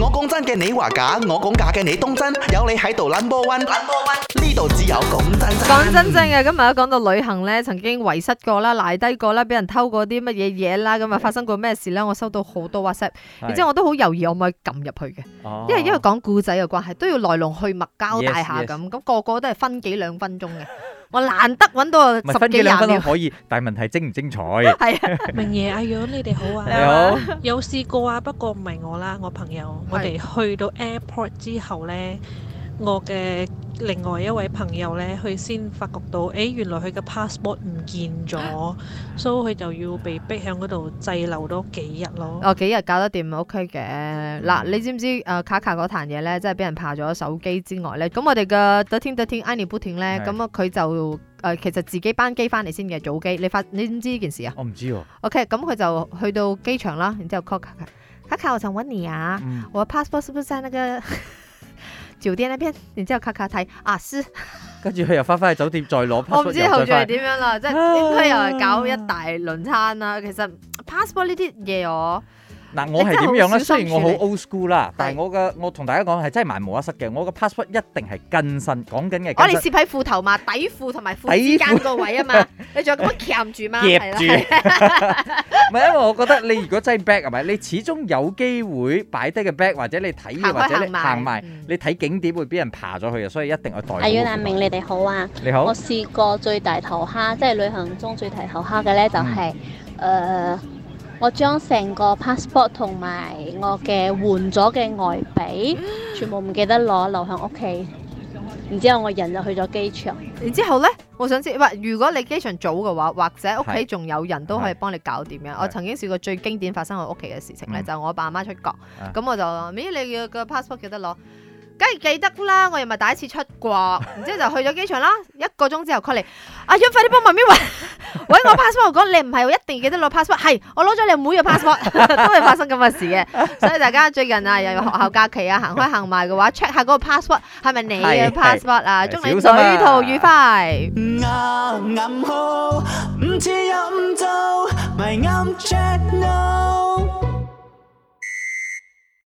我講真嘅，你話假；我講假嘅，你當真，你真。有你喺度，number one，number one，呢度只有講真真。講真真嘅，今日一講到旅行咧，曾經遺失過啦，賴低過啦，俾人偷過啲乜嘢嘢啦，咁啊發生過咩事啦？我收到好多 WhatsApp，然之後是我都好猶豫，我咪撳入去嘅，因為因為講故仔嘅關係，都要來龍去脈交代下咁，咁 Yes, yes. 個個都係分幾兩分鐘嘅。 我難得揾到十幾分幾廿年可以，但係 問題精唔精彩啊？係啊， 明爺阿楊你哋好啊！好 有試過啊，不過唔係我啦，我朋友，是我哋去到 airport 之後呢。我嘅另外一位朋友咧，佢先發覺到，誒、欸、原來佢嘅 passport 唔見咗， 所以佢就要被逼向嗰度滯留多幾日咯。哦，幾日搞得掂？OK 嘅。嗱，你知唔知誒、呃、卡卡嗰壇嘢咧，即係俾人爬咗手機之外咧，咁我哋嘅 the 天 the 天 anybody 咧，咁啊佢就誒、呃、其實自己班機翻嚟先嘅早機。你發你知唔知呢件事啊？我唔知喎。哦。OK，咁佢就去到機場啦，然之後 call 卡卡。卡卡，我想問你啊，嗯、我 passport 是不是 酒店呢邊，然之後卡卡睇。啊，是， 跟住佢又翻返去酒店再攞 passport 我唔知後續係點樣啦，即係應該又係搞一大輪餐啦。其實 passport 呢啲嘢我～嗱，我係點樣咧？雖然我好 old school 啦，但係我嘅我同大家講係真係萬無一失嘅，我嘅 passport 一定係更新。講緊嘅，我哋攝喺褲頭嘛，底褲同埋褲間個位啊嘛，你仲有咁樣夾住嘛？係咯，唔係因為我覺得你如果真係 back 係咪？你始終有機會擺低個 back，或者你睇，或者你行埋，你睇景點會俾人爬咗去嘅，所以一定要代。阿楊阿明，你哋好啊！你好，我試過最大頭蝦，即係旅行中最大頭蝦嘅咧，就係誒。我將成個 passport 同埋我嘅換咗嘅外幣全部唔記得攞，留喺屋企。然之後我人就去咗機場。然之後呢，我想知，喂，如果你機場早嘅話，或者屋企仲有人，都可以幫你搞掂嘅。是我曾經試過最經典發生喺屋企嘅事情呢的就我阿爸阿媽出國，咁的我就話咩你個 passport 記得攞。梗係記得啦，我又唔係第一次出國，然之後就去咗機場啦，一個鐘之後 call 你，阿欣快啲幫媽咪，揾我 passport 講你唔係，一定記得攞 passport，係我攞咗你妹嘅 passport，都係發生咁嘅事嘅，所以大家最近啊，又要學校假期啊，行開行埋嘅話，check 下嗰個 passport 係咪你嘅 passport 啊，祝你旅途愉快。